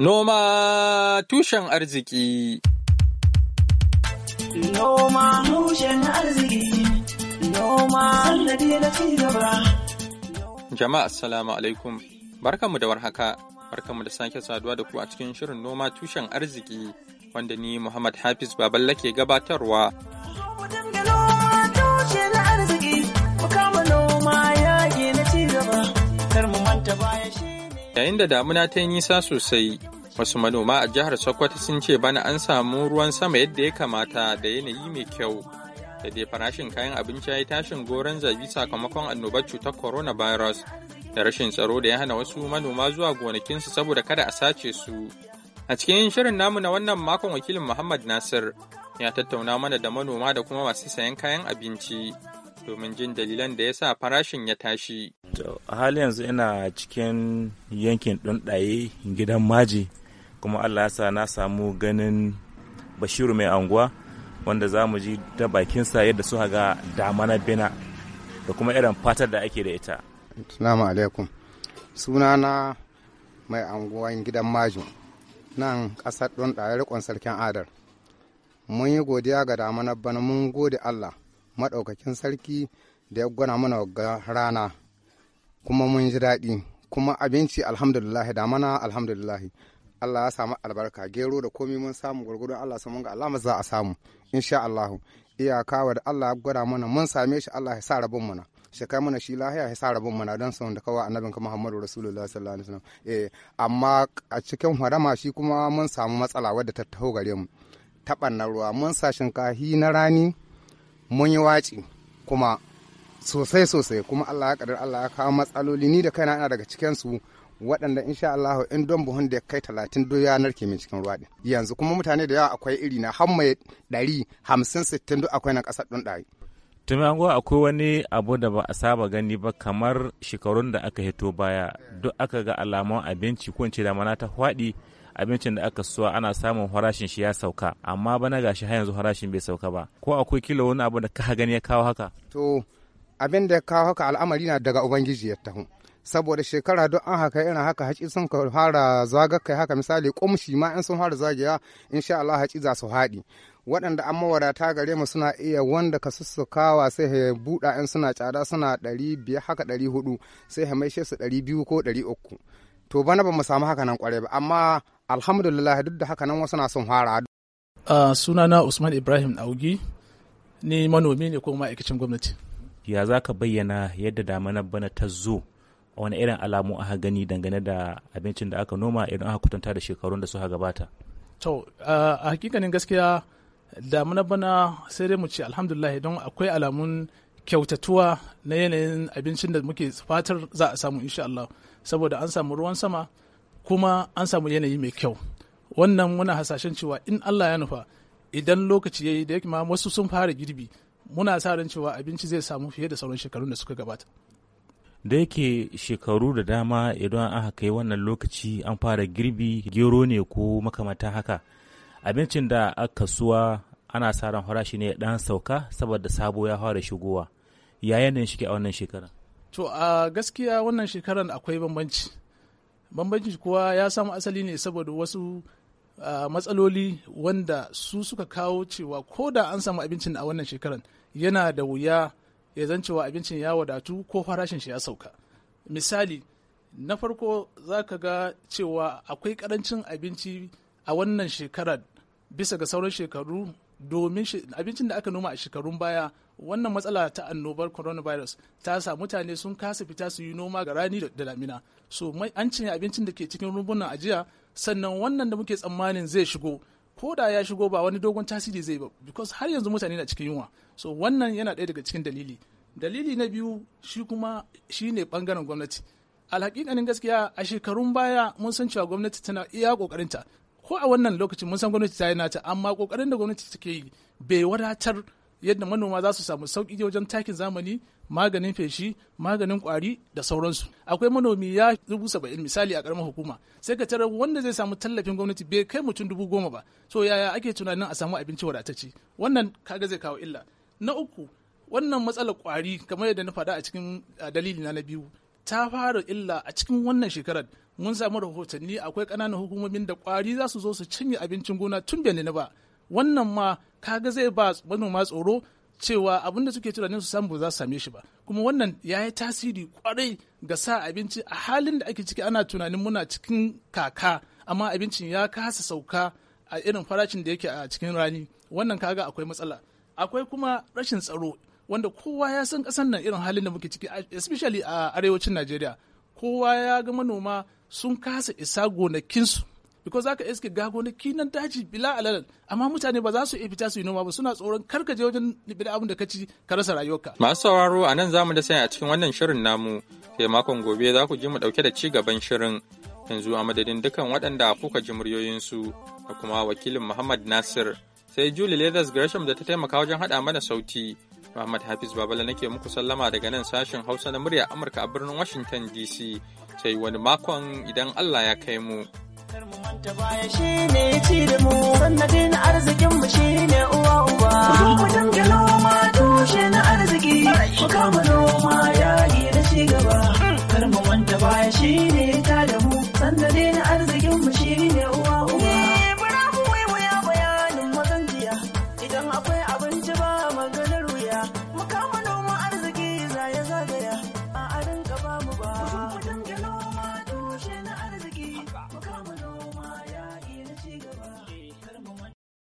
Noma tushen arziki. Noma tushen arziki. Noma sannadi na ci gaba. Jama'a assalamu alaikum. Barkanmu da warhaka. Barkanmu da sake saduwa da ku a cikin shirin noma tushen arziki wanda ni Muhammad Hafiz Baballa ke gabatarwa. yayin da damuna ta yi nisa sosai wasu manoma a jihar sokoto sun ce bana an samu ruwan sama yadda ya kamata da yanayi mai kyau da dai farashin kayan abinci ya yi tashin goron zabi sakamakon annobar cutar coronavirus da rashin tsaro da ya hana wasu manoma zuwa gonakinsu saboda kada a sace su a cikin shirin namu na wannan makon wakilin muhammad nasir ya tattauna mana da manoma da kuma masu sayan kayan abinci domin jin dalilan da ya sa farashin ya tashi. A hali yanzu ina cikin yankin ɗunɗaye gidan maji kuma Allah ya sa na samu ganin Bashiru mai anguwa wanda za mu ji ta bakinsa yadda su haga damana bina da kuma irin fatar da ake da ita. Assalamu alaikum. Sunana mai anguwan gidan majin nan ƙasar ɗunɗaye rikon sarkin adar. Mun yi godiya ga damanar bana mun gode Allah. maɗaukakin sarki da ya gwana mana ga rana kuma mun ji daɗi kuma abinci alhamdulillah da mana alhamdulillah Allah ya samu albarka gero da komi mun samu gwargwadon Allah mun ga alama za a samu insha Allah iyaka wa da Allah ya gwada mana mun same shi Allah ya sa rabon mana kai mana shi lahiya ya sa rabon mana don son da kawai annabin ka Muhammadu Rasulullah sallallahu alaihi wasallam eh amma a cikin harama shi kuma mun samu matsala wadda ta taho gare mu na ruwa mun sa shinkahi na rani mun yi waci kuma sosai sosai kuma Allah ya kadar Allah ya kawo matsaloli ni da kaina ina daga cikin su waɗanda insha Allah in don buhun da kai talatin duk yanar ke min cikin ruwa yanzu kuma mutane da yawa akwai iri na har mai ɗari hamsin sittin duk akwai na ƙasar ɗin ɗari. Tumi ango akwai wani abu da ba a saba gani ba kamar shekarun da aka hito baya duk aka ga alamun abinci ko in ce da mana ta faɗi abincin da aka suwa ana samun farashin shi ya sauka amma bana gashi har yanzu farashin bai sauka ba ko akwai kila wani abu da ka gani ya kawo haka to abin da ya kawo haka al'amari na daga ubangiji ya taho saboda shekara duk an haka irin haka haci sun fara zaga kai haka misali ƙumshi ma in sun fara zagaya insha Allah haci za su haɗi waɗanda an mawadata gare mu suna iya wanda ka sussukawa sai ya buɗa in suna tsada suna ɗari biyar haka ɗari hudu sai ya maishe su ɗari biyu ko ɗari uku to bana ba mu samu haka nan ƙwarai ba amma alhamdulillah duk da haka nan wasu na son fara uh, sunana usman ibrahim augi ni manomi ne ko ma'aikacin gwamnati ya za ka bayyana yadda damanar bana ta zo a wani irin alamu aka gani dangane da abincin da aka noma idan aka kutanta da shekarun da suka gabata to a hakikanin gaskiya damuna bana sai dai mu ce alhamdulillah don akwai alamun kyautatuwa na yanayin abincin da muke fatar za a samu insha Allah saboda an samu ruwan sama kuma an samu yanayi mai kyau wannan muna hasashen cewa in Allah ya nufa idan lokaci ya yi da ma wasu sun fara girbi muna sa ran cewa abinci zai samu fiye da sauran shekarun da suka gabata da yake shekaru da dama idan aka kai wannan lokaci an fara girbi gero ne ko makamantan haka abincin da aka kasuwa ana sa ran farashi ne dan sauka saboda sabo ya fara shigowa ya yanayin shi a wannan shekarar to a gaskiya wannan shekaran akwai bambanci bambanci kuwa ya samu asali ne saboda wasu uh, matsaloli wanda su suka kawo cewa ko da an samu abincin a wannan shekaran yana da wuya ya zan cewa abincin ya wadatu ko farashin shi ya sauka misali na farko za ka ga cewa akwai karancin abinci a wannan shekarar bisa ga sauran shekaru domin abincin da aka noma a shekarun baya wannan matsala ta annobar coronavirus ta sa mutane sun kasa fita su yi noma ga rani da damina so an cinye abincin da ke cikin rumbunan ajiya sannan wannan da muke tsammanin zai shigo ko da ya shigo ba wani dogon tasiri zai ba because har yanzu mutane na cikin yunwa so wannan yana ɗaya daga cikin dalili dalili na biyu shi kuma shi ne bangaren gwamnati alhaƙiƙanin gaskiya a shekarun baya mun san cewa gwamnati tana iya ƙoƙarinta ko a wannan lokacin mun san gwamnati ta yi nata amma kokarin da gwamnati take yi bai wadatar yadda manoma za su samu sauki wajen takin zamani maganin feshi maganin kwari da sauransu akwai manomi ya dubu saba'in misali a karamar hukuma sai ka tara wanda zai samu tallafin gwamnati bai kai mutum dubu goma ba so yaya ake tunanin a samu abinci wadatacce wannan kaga zai kawo illa na uku wannan matsalar kwari kamar yadda na faɗa a cikin dalili na biyu ta fara illa a cikin wannan shekarar mun samu rahotanni akwai ƙananan hukumomin da ƙwari za su zo su cinye abincin gona tun bai ba wannan ma kaga zai ba manoma tsoro cewa abin da suke tunanin su samu ba za su same shi ba kuma wannan ya yi tasiri kwarai ga sa abinci a halin da ake ciki ana tunanin muna cikin kaka amma abincin ya kasa sauka a irin farashin da yake a cikin rani wannan kaga akwai matsala akwai kuma rashin tsaro wanda kowa ya san kasan nan irin halin da muke ciki especially a arewacin najeriya kowa ya ga manoma sun kasa isa gonakinsu because za ka iske ga gonaki nan daji bila alal amma mutane ba za su iya fita su yi noma ba suna tsoron kar ka je wajen bila abin da ka ci ka rasa rayuwarka. masu sauraro a nan zamu da sanya a cikin wannan shirin namu sai makon gobe za ku ji mu dauke da ci gaban shirin yanzu a madadin dukan waɗanda kuka ji muryoyinsu da kuma wakilin muhammad nasir sai julie leathers gresham da ta taimaka wajen haɗa mana sauti Muhammad Hafiz Babala nake muku sallama daga nan sashen Hausa na murya Amurka a birnin Washington DC sai wani makon idan Allah ya kai mu. Kar mu manta baya shi ne ci da mu, sannadin arzikin mu shi ne uwa uba. Mu dinga noma tushe na arziki, mu kama noma